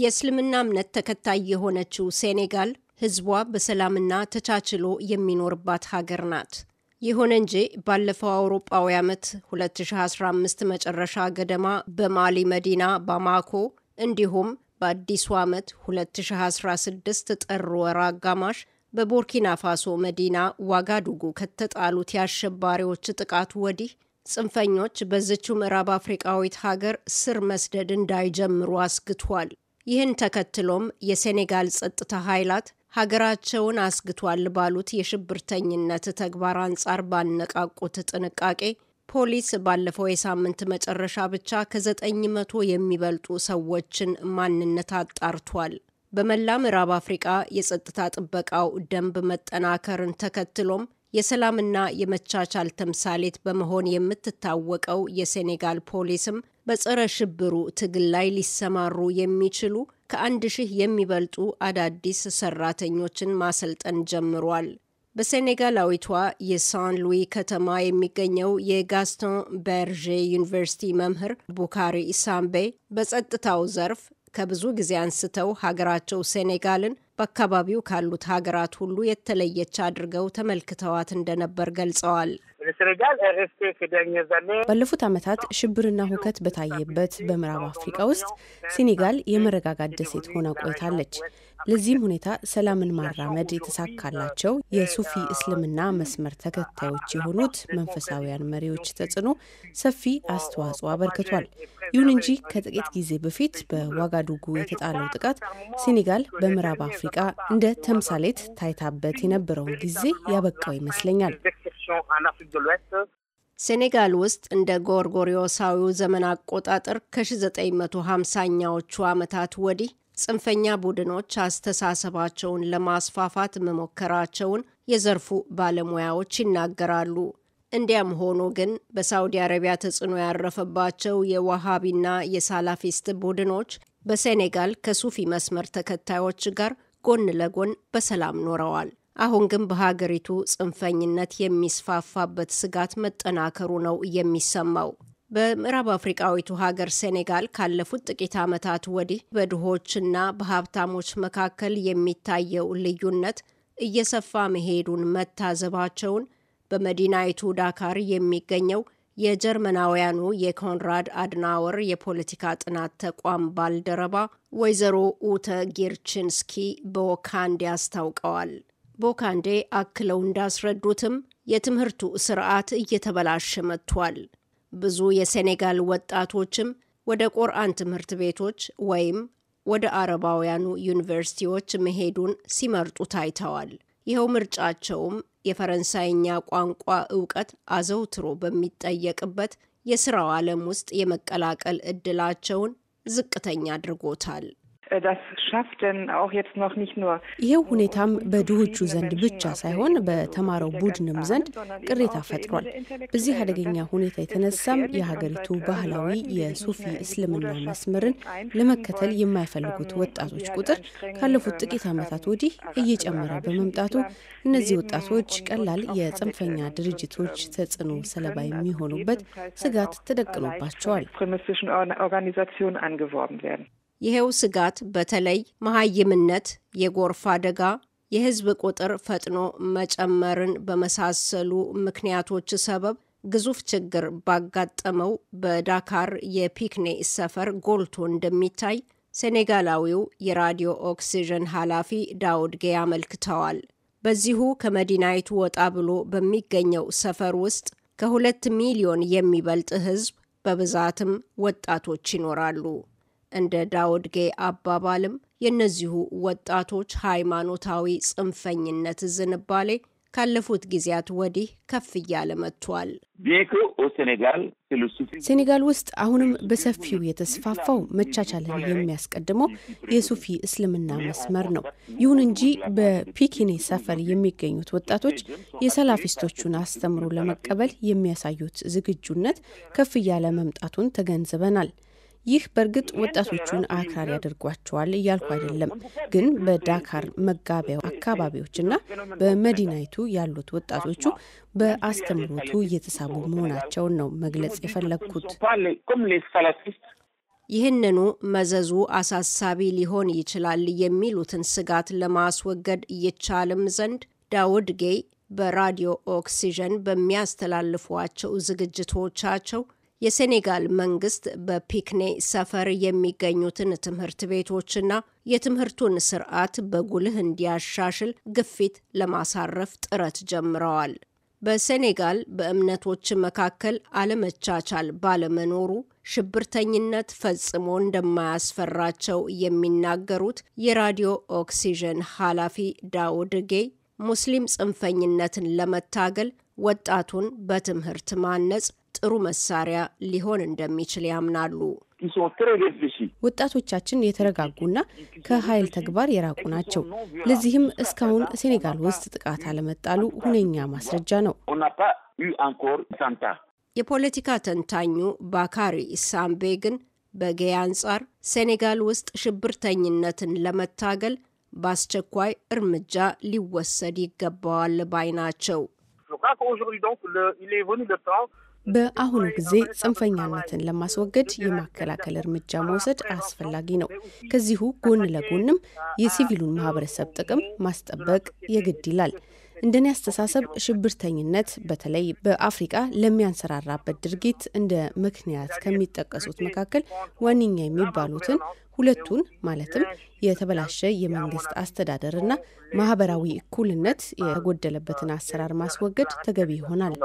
የእስልምና እምነት ተከታይ የሆነችው ሴኔጋል ህዝቧ በሰላምና ተቻችሎ የሚኖርባት ሀገር ናት። ይሁን እንጂ ባለፈው አውሮጳዊ ዓመት 2015 መጨረሻ ገደማ በማሊ መዲና ባማኮ እንዲሁም በአዲሱ ዓመት 2016 ጥር ወር አጋማሽ በቡርኪና ፋሶ መዲና ዋጋዱጉ ከተጣሉት የአሸባሪዎች ጥቃት ወዲህ ጽንፈኞች በዝቹ ምዕራብ አፍሪቃዊት ሀገር ስር መስደድ እንዳይጀምሩ አስግቷል። ይህን ተከትሎም የሴኔጋል ጸጥታ ኃይላት ሀገራቸውን አስግቷል ባሉት የሽብርተኝነት ተግባር አንጻር ባነቃቁት ጥንቃቄ ፖሊስ ባለፈው የሳምንት መጨረሻ ብቻ ከዘጠኝ መቶ የሚበልጡ ሰዎችን ማንነት አጣርቷል። በመላ ምዕራብ አፍሪቃ የጸጥታ ጥበቃው ደንብ መጠናከርን ተከትሎም የሰላምና የመቻቻል ተምሳሌት በመሆን የምትታወቀው የሴኔጋል ፖሊስም በጸረ ሽብሩ ትግል ላይ ሊሰማሩ የሚችሉ ከአንድ ሺህ የሚበልጡ አዳዲስ ሰራተኞችን ማሰልጠን ጀምሯል። በሴኔጋላዊቷ የሳን ሉዊ ከተማ የሚገኘው የጋስቶን በርዤ ዩኒቨርሲቲ መምህር ቡካሪ ሳምቤ በጸጥታው ዘርፍ ከብዙ ጊዜ አንስተው ሀገራቸው ሴኔጋልን በአካባቢው ካሉት ሀገራት ሁሉ የተለየች አድርገው ተመልክተዋት እንደነበር ገልጸዋል። ባለፉት ዓመታት ሽብርና ሁከት በታየበት በምዕራብ አፍሪካ ውስጥ ሴኔጋል የመረጋጋት ደሴት ሆና ቆይታለች። ለዚህም ሁኔታ ሰላምን ማራመድ የተሳካላቸው የሱፊ እስልምና መስመር ተከታዮች የሆኑት መንፈሳውያን መሪዎች ተጽዕኖ ሰፊ አስተዋጽኦ አበርክቷል። ይሁን እንጂ ከጥቂት ጊዜ በፊት በዋጋዱጉ የተጣለው ጥቃት ሴኔጋል በምዕራብ አፍሪ አፍሪቃ እንደ ተምሳሌት ታይታበት የነበረውን ጊዜ ያበቃው ይመስለኛል። ሴኔጋል ውስጥ እንደ ጎርጎሪዮሳዊው ዘመን አቆጣጠር ከ1950ኛዎቹ ዓመታት ወዲህ ጽንፈኛ ቡድኖች አስተሳሰባቸውን ለማስፋፋት መሞከራቸውን የዘርፉ ባለሙያዎች ይናገራሉ። እንዲያም ሆኖ ግን በሳውዲ አረቢያ ተጽዕኖ ያረፈባቸው የዋሃቢና የሳላፊስት ቡድኖች በሴኔጋል ከሱፊ መስመር ተከታዮች ጋር ጎን ለጎን በሰላም ኖረዋል። አሁን ግን በሀገሪቱ ጽንፈኝነት የሚስፋፋበት ስጋት መጠናከሩ ነው የሚሰማው። በምዕራብ አፍሪቃዊቱ ሀገር ሴኔጋል ካለፉት ጥቂት ዓመታት ወዲህ በድሆችና በሀብታሞች መካከል የሚታየው ልዩነት እየሰፋ መሄዱን መታዘባቸውን በመዲናይቱ ዳካር የሚገኘው የጀርመናውያኑ የኮንራድ አድናወር የፖለቲካ ጥናት ተቋም ባልደረባ ወይዘሮ ኡተ ጌርችንስኪ በቦካንዴ አስታውቀዋል። ቦካንዴ አክለው እንዳስረዱትም የትምህርቱ ስርዓት እየተበላሸ መጥቷል። ብዙ የሴኔጋል ወጣቶችም ወደ ቁርአን ትምህርት ቤቶች ወይም ወደ አረባውያኑ ዩኒቨርሲቲዎች መሄዱን ሲመርጡ ታይተዋል። ይኸው ምርጫቸውም የፈረንሳይኛ ቋንቋ እውቀት አዘውትሮ በሚጠየቅበት የስራው ዓለም ውስጥ የመቀላቀል እድላቸውን ዝቅተኛ አድርጎታል። Äh, das ይህ äh, ሁኔታም በድሆቹ ዘንድ ብቻ ሳይሆን በተማረው ቡድንም ዘንድ ቅሬታ ፈጥሯል። በዚህ አደገኛ ሁኔታ የተነሳም የሀገሪቱ ባህላዊ የሱፊ እስልምና መስመርን ለመከተል የማይፈልጉት ähm, ወጣቶች ቁጥር ካለፉት ጥቂት ዓመታት ወዲህ እየጨመረ በመምጣቱ እነዚህ ወጣቶች ቀላል የጽንፈኛ äh, ድርጅቶች ähm, ተጽዕኖ ሰለባ የሚሆኑበት ስጋት ተደቅኖባቸዋል። ይሄው ስጋት በተለይ መሀይምነት፣ የጎርፍ አደጋ፣ የህዝብ ቁጥር ፈጥኖ መጨመርን በመሳሰሉ ምክንያቶች ሰበብ ግዙፍ ችግር ባጋጠመው በዳካር የፒክኔ ሰፈር ጎልቶ እንደሚታይ ሴኔጋላዊው የራዲዮ ኦክሲጅን ኃላፊ ዳውድ ጌ አመልክተዋል። በዚሁ ከመዲናይቱ ወጣ ብሎ በሚገኘው ሰፈር ውስጥ ከሁለት ሚሊዮን የሚበልጥ ህዝብ በብዛትም ወጣቶች ይኖራሉ። እንደ ዳውድጌ አባባልም የእነዚሁ ወጣቶች ሃይማኖታዊ ጽንፈኝነት ዝንባሌ ካለፉት ጊዜያት ወዲህ ከፍ እያለ መጥቷል። ሴኔጋል ውስጥ አሁንም በሰፊው የተስፋፋው መቻቻልን የሚያስቀድመው የሱፊ እስልምና መስመር ነው። ይሁን እንጂ በፒኪኔ ሰፈር የሚገኙት ወጣቶች የሰላፊስቶቹን አስተምሮ ለመቀበል የሚያሳዩት ዝግጁነት ከፍ እያለ መምጣቱን ተገንዝበናል። ይህ በእርግጥ ወጣቶቹን አክራሪ ያደርጓቸዋል እያልኩ አይደለም። ግን በዳካር መጋቢያው አካባቢዎችና በመዲናይቱ ያሉት ወጣቶቹ በአስተምሮቱ እየተሳቡ መሆናቸውን ነው መግለጽ የፈለግኩት። ይህንኑ መዘዙ አሳሳቢ ሊሆን ይችላል የሚሉትን ስጋት ለማስወገድ ይቻልም ዘንድ ዳውድ ጌይ በራዲዮ ኦክሲጀን በሚያስተላልፏቸው ዝግጅቶቻቸው የሴኔጋል መንግስት በፒክኔ ሰፈር የሚገኙትን ትምህርት ቤቶችና የትምህርቱን ስርዓት በጉልህ እንዲያሻሽል ግፊት ለማሳረፍ ጥረት ጀምረዋል። በሴኔጋል በእምነቶች መካከል አለመቻቻል ባለመኖሩ ሽብርተኝነት ፈጽሞ እንደማያስፈራቸው የሚናገሩት የራዲዮ ኦክሲጅን ኃላፊ ዳውድ ጌይ ሙስሊም ጽንፈኝነትን ለመታገል ወጣቱን በትምህርት ማነጽ ጥሩ መሳሪያ ሊሆን እንደሚችል ያምናሉ። ወጣቶቻችን የተረጋጉና ከኃይል ተግባር የራቁ ናቸው። ለዚህም እስካሁን ሴኔጋል ውስጥ ጥቃት አለመጣሉ ሁነኛ ማስረጃ ነው። የፖለቲካ ተንታኙ ባካሪ ሳምቤ ግን በጌይ አንጻር ሴኔጋል ውስጥ ሽብርተኝነትን ለመታገል በአስቸኳይ እርምጃ ሊወሰድ ይገባዋል ባይ ናቸው። በአሁኑ ጊዜ ጽንፈኛነትን ለማስወገድ የማከላከል እርምጃ መውሰድ አስፈላጊ ነው። ከዚሁ ጎን ለጎንም የሲቪሉን ማህበረሰብ ጥቅም ማስጠበቅ የግድ ይላል። እንደኔ አስተሳሰብ ሽብርተኝነት በተለይ በአፍሪቃ ለሚያንሰራራበት ድርጊት እንደ ምክንያት ከሚጠቀሱት መካከል ዋነኛ የሚባሉትን ሁለቱን ማለትም የተበላሸ የመንግስት አስተዳደር እና ማህበራዊ እኩልነት የጎደለበትን አሰራር ማስወገድ ተገቢ ይሆናል።